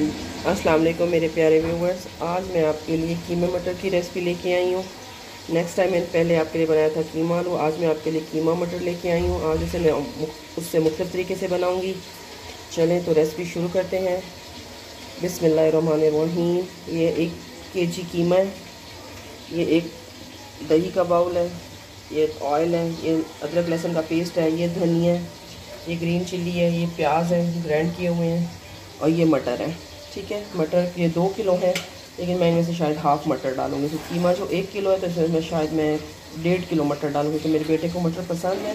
अस्सलाम वालेकुम मेरे प्यारे व्यूवर्स आज मैं आपके लिए कीमा मटर की रेसिपी लेके आई हूँ नेक्स्ट टाइम मैंने पहले आपके लिए बनाया था कीमा आलू आज मैं आपके लिए कीमा मटर लेके आई हूँ आज उसे मैं उससे मुख्त तरीके से बनाऊँगी चलें तो रेसिपी शुरू करते हैं बिसमीम ये एक के जी कीमा है ये एक दही का बाउल है ये ऑयल है ये अदरक लहसुन का पेस्ट है ये धनिया है ये ग्रीन चिल्ली है ये प्याज है ग्रैंड किए हुए हैं और ये मटर है ठीक है मटर ये दो किलो है लेकिन मैं इनमें से शायद हाफ़ मटर डालूँगी तो कीमा जो एक किलो है तो इसमें मैं शायद मैं डेढ़ किलो मटर डालूँगी तो मेरे बेटे को मटर पसंद है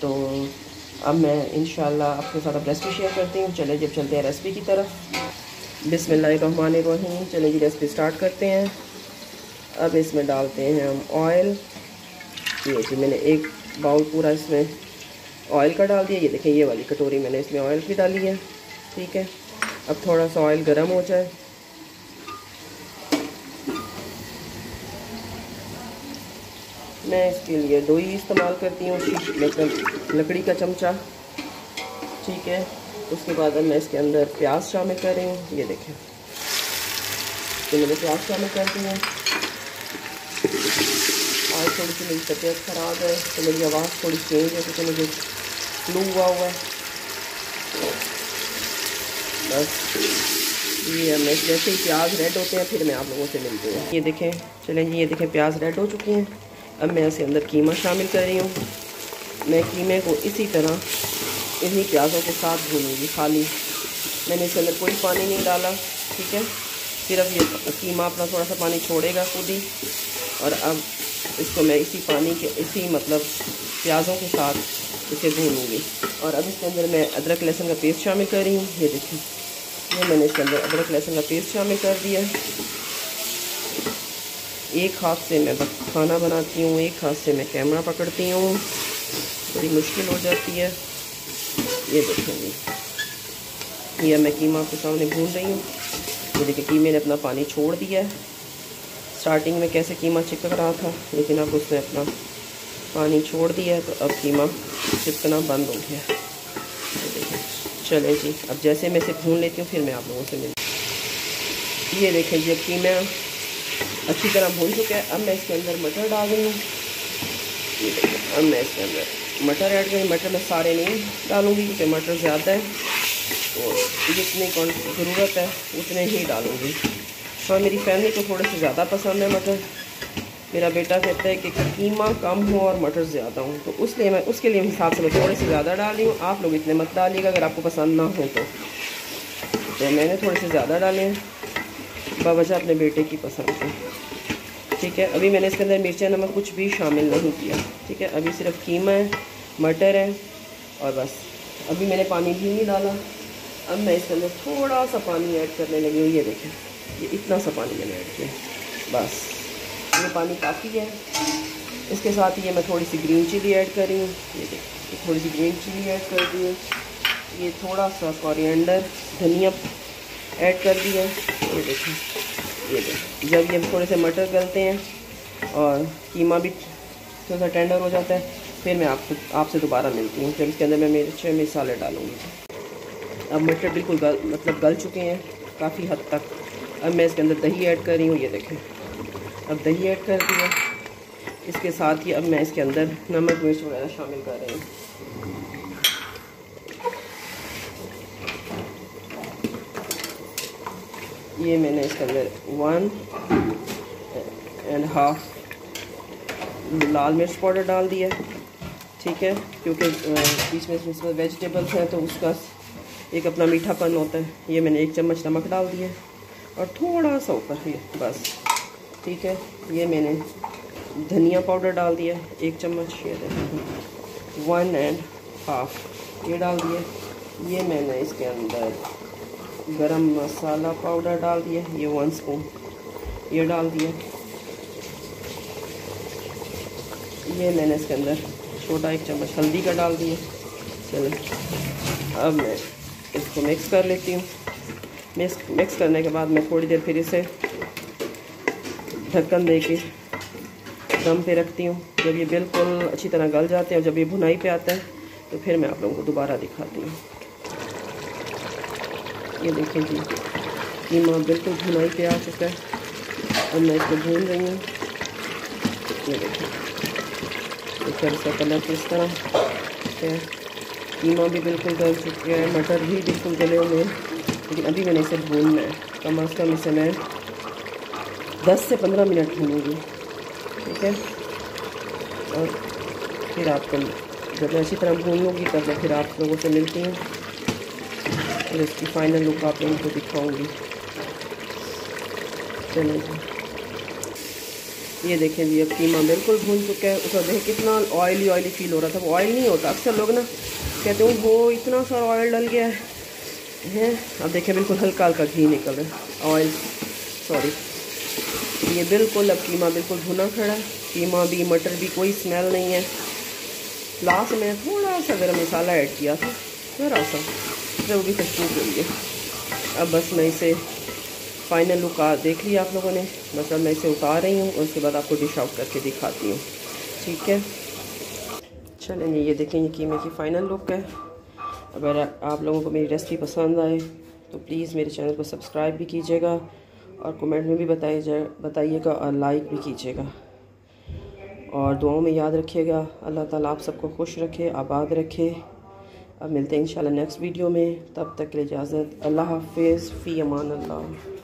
तो अब मैं इन आपके साथ अब रेसिपी शेयर करती हूँ चले जब चलते हैं रेसिपी की तरफ बिसमीम चले जी रेसिपी स्टार्ट करते हैं अब इसमें डालते हैं हम ऑयल ये जी मैंने एक बाउल पूरा इसमें ऑयल का डाल दिया ये देखें ये वाली कटोरी मैंने इसमें ऑयल भी डाली है ठीक है अब थोड़ा सा ऑयल गर्म हो जाए मैं इसके लिए ही इस्तेमाल करती हूँ मतलब लकड़ी का चमचा ठीक है उसके बाद अब मैं इसके अंदर प्याज शामिल कर रही हूँ ये देखें तो मैंने प्याज शामिल कर दी है आज थोड़ी सी मेरी तबीयत ख़राब है तो मेरी आवाज़ थोड़ी चेंज है क्योंकि मुझे फ्लू हुआ हुआ है बस ये मैं जैसे ही प्याज रेड होते हैं फिर मैं आप लोगों से मिलती हूँ ये देखें चलें जी ये देखें प्याज रेड हो चुके हैं अब मैं इसे अंदर कीमा शामिल कर रही हूँ मैं कीमे को इसी तरह इन्हीं प्याज़ों के साथ भूनूँगी खाली मैंने इसके अंदर कोई पानी नहीं डाला ठीक है सिर्फ ये कीमा अपना थोड़ा सा पानी छोड़ेगा खुद ही और अब इसको मैं इसी पानी के इसी मतलब प्याज़ों के साथ इसे भूनूँगी और अब इसके अंदर मैं अदरक लहसुन का पेस्ट शामिल कर रही हूँ ये देखिए ये मैंने इसके अंदर अदरक लहसुन का पेस्ट शामिल कर दिया है एक हाथ से मैं खाना बनाती हूँ एक हाथ से मैं कैमरा पकड़ती हूँ बड़ी मुश्किल हो जाती है ये देखेंगे यह मैं कीमा आपके सामने भून रही हूँ ये देखिए कीमे ने अपना पानी छोड़ दिया है स्टार्टिंग में कैसे कीमा चिपक रहा था लेकिन अब उसने अपना पानी छोड़ दिया है तो अब कीमा चिपकना बंद हो गया है चले जी अब जैसे मैं इसे भून लेती हूँ फिर मैं आप लोगों से मिलती ये देखें जी मैं अच्छी तरह भून चुका है अब मैं इसके अंदर मटर डाल दूँगी ये अब मैं इसके अंदर मटर ऐड करें मटर मैं सारे नहीं डालूँगी क्योंकि मटर ज़्यादा है तो जितनी ज़रूरत है उतने ही डालूँगी हाँ मेरी फैमिली को थोड़े से ज़्यादा पसंद है मटर मेरा बेटा कहता है कि कीमा कम हो और मटर ज़्यादा हो तो उस मैं उसके लिए हिसाब से मैं थोड़ी सी ज़्यादा डाली हूँ आप लोग इतने मत डालिएगा अगर आपको पसंद ना हो तो तो मैंने थोड़े से ज़्यादा डाले हैं बावजह अपने बेटे की पसंद से ठीक है अभी मैंने इसके अंदर मिर्चा नमक कुछ भी शामिल नहीं किया ठीक है अभी सिर्फ कीमा है मटर है और बस अभी मैंने पानी भी नहीं डाला अब मैं इसके अंदर थोड़ा सा पानी ऐड करने लगी हूँ ये देखें ये इतना सा पानी मैंने ऐड किया बस ये पानी काफ़ी है इसके साथ ही ये मैं थोड़ी सी ग्रीन चिली ऐड कर रही हूँ ये देखिए थोड़ी सी ग्रीन चिली ऐड कर दी है ये थोड़ा सा कॉरिएंडर धनिया ऐड कर दी है ये देखिए ये देखिए जब ये थोड़े से मटर गलते हैं और कीमा भी थोड़ा सा टेंडर हो जाता है फिर मैं आपसे आपसे दोबारा मिलती हूँ फिर इसके अंदर मैं छः मिसाले डालूँगी अब मटर बिल्कुल गल मतलब गल चुके हैं काफ़ी हद तक अब मैं इसके अंदर दही ऐड कर रही हूँ ये देखें अब दही ऐड कर दिया इसके साथ ही अब मैं इसके अंदर नमक मिर्च वगैरह शामिल कर रही हूँ ये मैंने इसके अंदर वन एंड हाफ लाल मिर्च पाउडर डाल दिया ठीक है क्योंकि बीच में इसमें वेजिटेबल्स हैं तो उसका एक अपना मीठापन होता है ये मैंने एक चम्मच नमक डाल दिया और थोड़ा सा ऊपर ही बस ठीक है ये मैंने धनिया पाउडर डाल दिया एक चम्मच ये वन एंड हाफ ये डाल दिया ये मैंने इसके अंदर गरम मसाला पाउडर डाल दिया ये वन स्पून ये डाल दिया ये मैंने इसके अंदर छोटा एक चम्मच हल्दी का डाल दिया चलो अब मैं इसको मिक्स कर लेती हूँ मिक्स मिक्स करने के बाद मैं थोड़ी देर फिर इसे ढक्कन दे के दम पे रखती हूँ जब ये बिल्कुल अच्छी तरह गल जाते हैं और जब ये भुनाई पे आता है तो फिर मैं आप लोगों को दोबारा दिखाती हूँ ये देखें जी कीमा बिल्कुल भुनाई पे आ चुका है अब मैं इसको भून रही हूँ ये देखें फिर इसका कलर किस तरह है कीमा भी बिल्कुल गल चुके हैं मटर भी बिल्कुल गले हुए हैं लेकिन अभी मैंने इसे भूनना है कम अज़ कम इसे मैं 10 से 15 मिनट भूनूंगी ठीक है और फिर आपको जब मैं अच्छी तरह भून लूँगी तब मैं फिर आप लोगों से मिलती हूँ फिर इसकी फाइनल लुक आप लोगों को दिखाऊँगी चलो ये देखें जी अब कीमा बिल्कुल भून चुका है उसका देखें कितना ऑयली ऑयली फील हो रहा था वो ऑयल नहीं होता अक्सर लोग ना कहते हैं वो इतना सारा ऑयल डल गया है हैं अब देखें बिल्कुल हल्का हल्का घी निकल रहा है ऑयल सॉरी ये बिल्कुल अब कीमा बिल्कुल भुना खड़ा है कीमा भी मटर भी कोई स्मेल नहीं है लास्ट में थोड़ा सा गर्म मसाला ऐड किया था थोड़ा सा जो भी खुशबू के लिए अब बस मैं इसे फाइनल लुक देख लिया आप लोगों ने बस अब मैं इसे उतार रही हूँ उसके बाद आपको डिश आउट करके दिखाती हूँ ठीक है चलें ये देखें ये कीमे की फ़ाइनल लुक है अगर आप लोगों को मेरी रेसिपी पसंद आए तो प्लीज़ मेरे चैनल को सब्सक्राइब भी कीजिएगा और कमेंट में भी बताइए जाए बताइएगा और लाइक भी कीजिएगा और दुआओं में याद रखिएगा अल्लाह ताला आप सबको खुश रखे आबाद रखे अब मिलते हैं इंशाल्लाह नेक्स्ट वीडियो में तब तक के लिए इजाज़त अल्लाह हाफिज़ फ़ी अमान अल्लाह